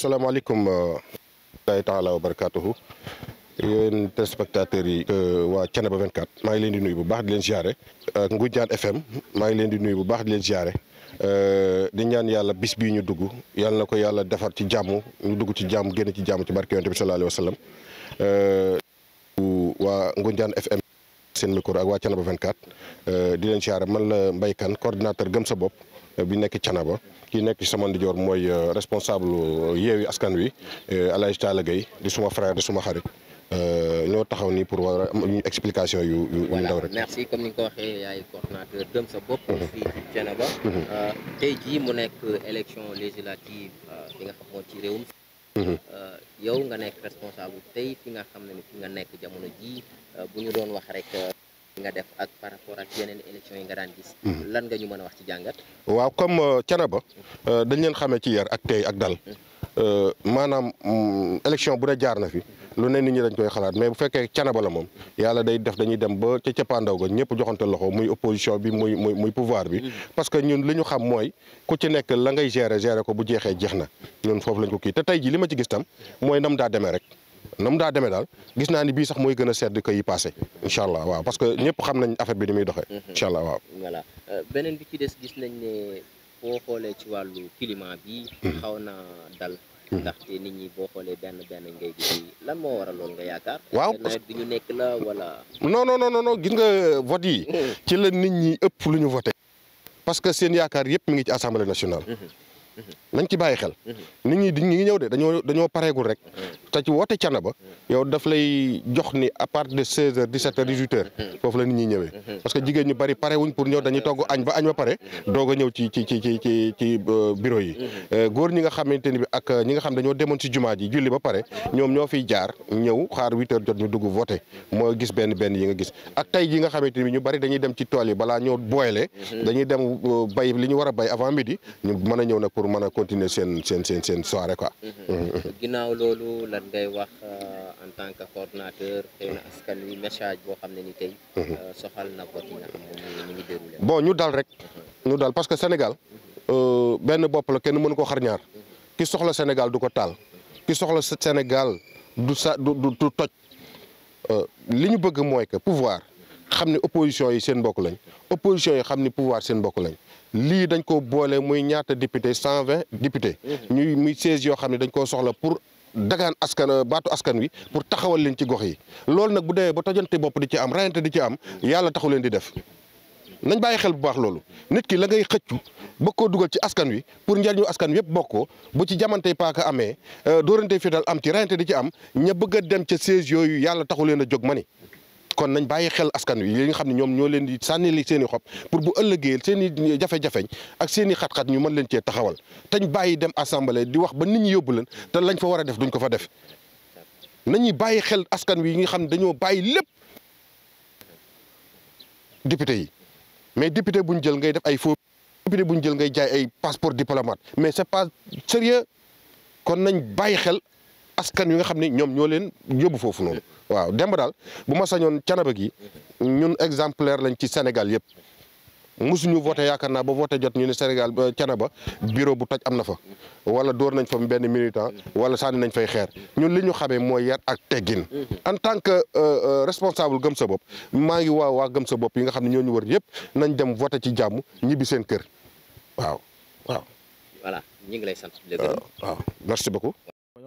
assalamualaikum day eh, taala wa barakaatuhu te spectateur yi eh, wa channel 24 ma ngi len di nuyu bu baax di leen ziare eh, Ngoundiane FM ma ngi len di nuyu bu baax di len ziaré euh di ñaan yalla bis bi ñu dugg yalla nako yalla yàlla defar ci jamm ñu dugg ci jamm génn ci jamm ci barke yonte bi sallallahu alayhi wa sallam waa Ngoundiane FM seen micro ak wa channel 24 euh di len ziaré man la mbay kan coordinateur gëm sa bop bi nekk Canaba ki nekk sama ndijoor moy euh, responsable yewi askan wi El euh, taala gay di suma frère di suma xarit. euh ñoo taxaw ni pour war explication yu ñu ndaw rek. merci comme ni ko waxe yaay coordinateur dem sa bop mhm. fii ci mhm. euh tay ji mu nek election législative bi euh, nga xam mo ci rewum mhm. euh yow nga nek responsable tay fi nga xam ni fi nga nek jamono ji bu ñu doon wax rek. nga ak ak yeneen élection nga daan gis. Hmm. lan nga ñu mën wax jàngat. waaw comme euh, Thiénaba euh, dañ leen xamee ci yar ak tey ak dal hmm. euh, maanaam hmm, élection bu ne jaar na fi lu ne nit ñi dañ koy xalaat mais bu fekkee Thiénaba la moom yàlla day def dañuy dem ba ca cappaandaw ga ñëpp joxante loxo muy opposition bi muy muy muy pouvoir bi parce que ñun li ñu xam mooy ku ci nekk la ngay gérer gérer ko bu jeexee jeex na ñun foofu lañ ko kii te tey ji li ma ci gis tam mooy nam daa demee rek. na mu daa demee daal gis naa ni bii sax mooy gën a sedd que yi passé incha allah waaw parce que ñëpp xam nañ affaire bi ni muy doxee. Mhm. incha allah waaw. Euh, beneen bi ci des gis nañ ne boo xoolee ci wàllu climat bi. Mhm. xaw na dal. Mhm. ndaxte nit ñi boo xoolee benn benn ngay gis lan moo waral loolu nga yaakaar. waaw nawet bi ñu nekk la wala. non non non non gis nga vote yi. ci la nit ñi ëpp lu ñu voté. parce que seen yaakaar yëpp mi ngi ci assemblée nationale. nañ ci bàyyi xel mhm. nit ñi di ñi ñëw de dañoo dañoo pareegul rek mhm. te ci woote Thiénaba yow daf lay jox ni à partir de 16 heures 17 heures 18 heures mhm. foofu la nit ñi ñëwee parce que jigéen ñu bari pare wuñ pour ñëw dañuy togg añ ba añ ba pare doog a ñëw ci ci ci ci ci ci euh, bureau yi euh, góor ñi nga xamante ni bi ak euh, ñi nga xam dañoo demoon ci jumaa ji julli ba pare ñoom ñoo fiy jaar ñëw xaar 8 heures jot ñu dugg voté moo gis benn benn yi nga gis ak tey ji nga xamante ni bi ñu bari dañuy dem ci tool yi balaa ñoo booyle dañuy dem bay li ñu war a bay avant midi mën a ñëw nag pour mën a continuer seen seen seen seen soirée quoi. Mm-hmm. ginnaaw loolu lan wax euh, en tant boo xam ne ni mm-hmm. euh, na vote ñu ngi dal rek. Mm-hmm. ñu dal parce que Sénégal euh, benn bopp la kenn mënu ko xar ñaar ki soxla Sénégal du ko taal ki soxla Sénégal du sa du toj li ñu bëgg mooy que pouvoir xam ne opposition yi seen bokk lañ opposition yi xam ne pouvoir seen bokk lañ. lii dañ ko boole muy ñaata député cent vingt député mhm. ñuy muy seize yoo xam ne dañ koo soxla pour dagaan askan baatu askan wi pour taxawal leen ci gox yi loolu nag bu demee ba tojante bopp di ci am rayante di ci am yàlla taxu leen di def nañ bàyyi xel bu baax loolu nit ki la ngay xëccu bokkoo dugal ci askan wi pour njariñu askan wi yëpp bokk ko bu ci jamante paaka amee euh, dóorante fital am ci rayante di ci am ña bëgg dem ca siège yooyu yàlla taxu leen a jóg ma ni kon nañ bàyyi xel askan wi yi nga xam ne ñoom ñoo leen di sànnili seen i xob pour bu ëllëgee seen i jafe-jafeñ ak seen i xat-xat ñu mën leen cee taxawal tañ bàyyi dem assemblée di wax ba nit ñi yóbbu leen te lañ fa war a def duñ ko fa def nañuy bàyyi xel askan wi yi nga xam ne dañoo bàyyi lépp député yi mais député bu ñu jël ngay def ay faux député bu jël ngay jaay ay passeport diplomate mais c'est pas sérieux kon nañ bàyyi xel askan wi nga xamni ñom ñoo leen yobbu fofu non waaw demb dal bu ma sañon cianaba gi ñun exemplaire lañ ci Sénégal yépp musuñu voté yaakaar naa ba voter jot ñu ni Sénégal cianaba euh, bureau bu toj amna fa wala door nañ fa benn militant wala sànni nañ fay xeer ñun liñu xamé moy yar ak teggin en tant que euh, euh, responsable gëm sa bop ma ngi wa wa gëm sa bop yi nga xamni ñoo ñu wër yépp nañ dem voter ci jamm ñibi seen kër waaw waaw. voilà ñu ngi lay sant. waaw merci beaucoup.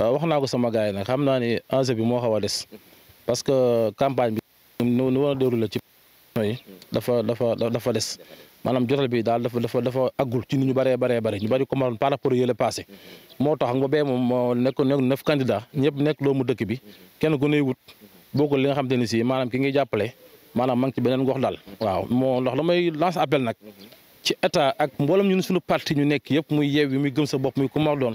Euh, wax naa ko sama gars nag xam naa ne enjeu bi moo xaw des parce que campagne bi nu nu war a déroulé ci yi dafa dafa dafa des maanaam jotal bi daal dafa dafa dafa aggul ci nu ñu bare bare bëri ñu bëri comme par rapport yële passé moo tax nga bee moom moo nekk nekk neuf candidat ñëpp nekk doomu dëkk bi kenn ku ne wut bokkul li nga xam te ne si maanaam ki ngay jàppale maanaam ma ci beneen gox daal waaw moo ndax damay lance appel nag ci état ak mboolem ñun suñu parti ñu nekk yëpp muy yeew yi gëm sa bopp muy ku ma doon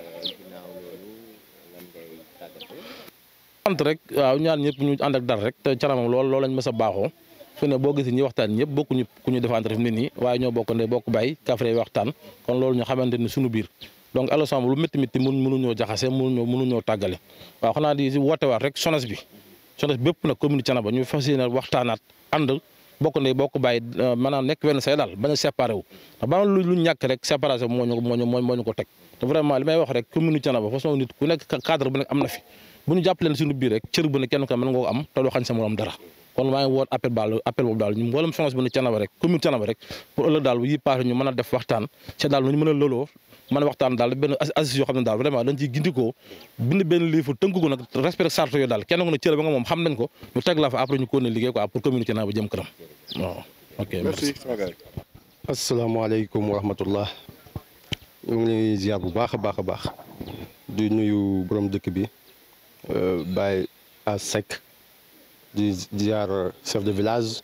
ant rek waaw ñaar ñëpp ñu ànd ak dar rek lool loolu lañ mës ne boo gisee ñi waxtaan ñëpp bokkuñu ku ñu defante rek nit ñi waaye ñoo bokk ndey bokk bàyyi kafre waxtaan kon loolu ñu xamante ni suñu biir donc alosam lu métti métti mun ñoo jaxase mënuñoo ñoo tàggale waaw xanaa di woote waat rek sonos bi sonos bépp nag commune Thiénaba ñu fas yéene waxtaanaat ànd bokk ndey bokk bàyyi euh, maanaam nekk wenn say daal bañ a séparé wu ndax ba lu lu rek séparation moo moo ñu ko teg te vraiment li wax rek commune Thiénaba façon nit ku fi bu ñu jàppalee suñu biir rek cër bu ne kenn ko mën nga ko am te doo xañ sa morom dara kon maa ngi woot appel baal appel boobu daal ñu mboolem finance bu a def waxtaan ci daal a lëloo a waxtaan daal benn assises yoo xam ne daal vraiment dañ ciy gindikoo wa rahmatullah ñu ngi lay ziar bu baax a baax a baax di nuyu borom dëkk bi a sec, des ziar euh, chef de village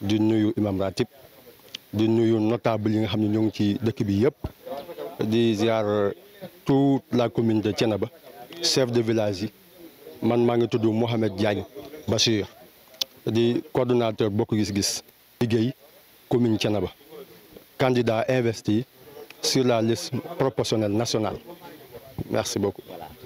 du nuyu imam ratib du nuyu notable yi nga xamni ñu ngi ci dëkk bi yépp di ziar euh, toute la commune de Thiénaba chef de village man ma ngi tudd Mouhamed Diagne Bashir di coordinateur bokk gis-gis liggéey commune Thiénaba candidat investi sur la liste proportionnelle nationale merci beaucoup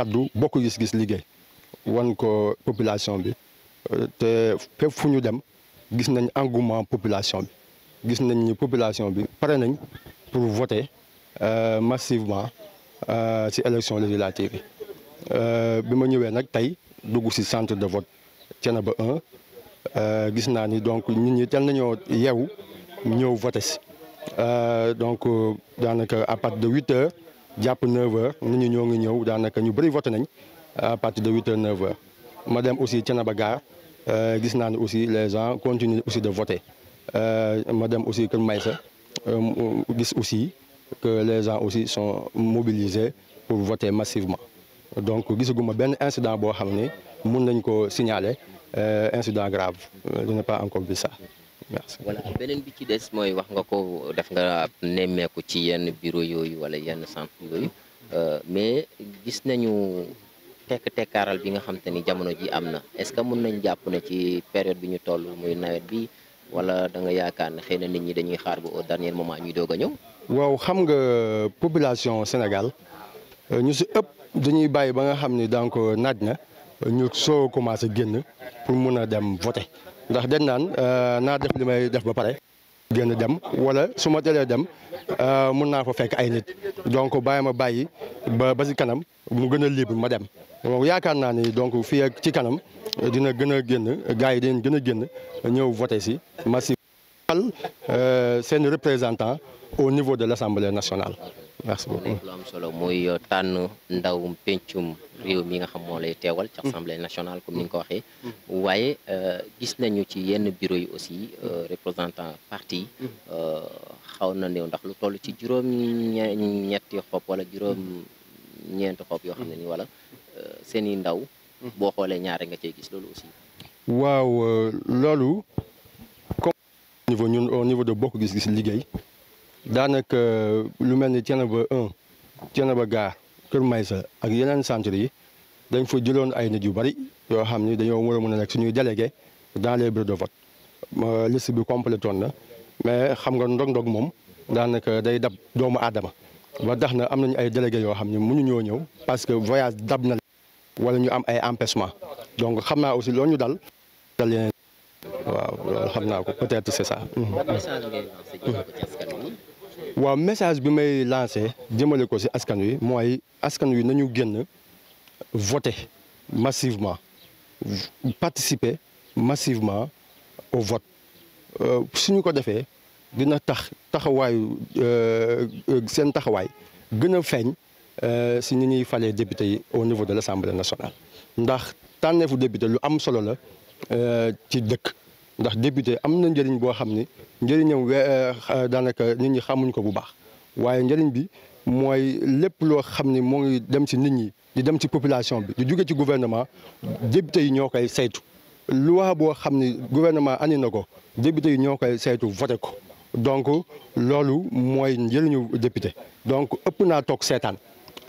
kaddu bokk gis-gis liguey wan ko population bi euh, te fépp fuñu dem gis nañ engouement population bi gis nañ ni population bi paré nañ pour voter euh, massivement euh, ci élection législative bi bi ma ñëwee nag tey ci centre de vote ba 1 gis naa ni donc nit ñi teel nañoo yeewu ñëw voter ci donc daanaka à partir de 8 heures jàpp 9h nous avons voté à partir de 8h 9h Madame aussi Thiénaba euh, les gens continuent aussi de voter euh, Madame dem aussi euh, aussi que les gens aussi sont mobilisés pour voter massivement donc gisaguma ben incident bo xamné ne nañ ko signaler incident grave je n'ai pas encore vu ça merci voilà beneen bi ci des mooy wax nga ko def nga nemmeeku ci yenn bureau yooyu wala yenn centre yooyu euh, mais gis nañu tekk tekkaaral bi nga xam ni jamono ji am na est-ce que mën nañ jàpp ne ci période bi ñu toll muy nawet bi wala da nga yaakaar ne xëy na nit ñi dañuy xaar ba au dernier moment ñuy doog a ñëw waaw xam nga population Sénégal euh, ñu si ëpp dañuy bàyyi ba nga xam ni donc naaj na ñu soo commencé génn pour mun a dem voter ndax dañ naan euh, naa def li may def ba pare génn dem wala su ma teelee dem euh, mun naa fa fekk ay nit donc bàyyi ma bàyyi ba ba si kanam mu gën a libre ma dem donc yaakaar naa ni donc fii ak ci kanam dina gën a génn gars yi dinañ gën a génn ñëw voté si massif al euh, seen représentant au niveau de l'Assemblée nationale merci beaucoup. am solo muy tànn ndawum pencum réew mi nga xam mo lay téwal ci mm. assemblée nationale comme ni nga mm. waxé mm. wayé euh gis nañu ci yenn bureau yi aussi euh, représentant parti euh xawna néw ndax lu tollu ci juróom ñetti xop wala juroom ñent xop yo xam ni wala euh seni ndaw bo xolé ñaar nga cey gis lolu aussi waaw euh, lolu au niveau ñun au niveau de Bokk Gis Gis liggéey daanaka euh, lu melni ni Thiénaba 1 Thiénaba Gare Kër Maysa ak yeneen centre yi dañ fa jëloon ay nit yu bari yoo xam ni dañoo war a mën a nekk suñuy délégué dans les bureaux de vote liste bi complétoon na mais xam nga ndog-ndog moom daanaka day dab doomu aadama ba tax na am nañu ay délégué yoo xam ni ne mënuñoo ñëw parce que voyage dab na wala ñu am ay empêchement donc xam naa aussi loolu ñu dal waaw loolu xam naa ko peut-être c'est ça. Wa message bi may lancé jëmale ko ci askan wi moy askan wi nañu génn voter massivement participer massivement au vote euh, suñu ko defee dina tax euh, euh sen taxaway gëna a euh si ñi ñuy falé député yi au niveau de l'Assemblée nationale ndax tànneefu député lu am solo la euh, ci dëkk ndax député am na njëriñ boo xam ne njëriñam we eh, daanaka nit ñi xamuñ ko bu baax waaye njëriñ bi mooy lépp loo xam ni moo ngi dem ci nit ñi di dem ci population bi di jóge ci gouvernement député yi ñoo koy saytu loi boo xam ni gouvernement andi na ko député yi ñoo koy saytu voté ko donc loolu mooy njëriñu député donc ëpp naa toog seetaan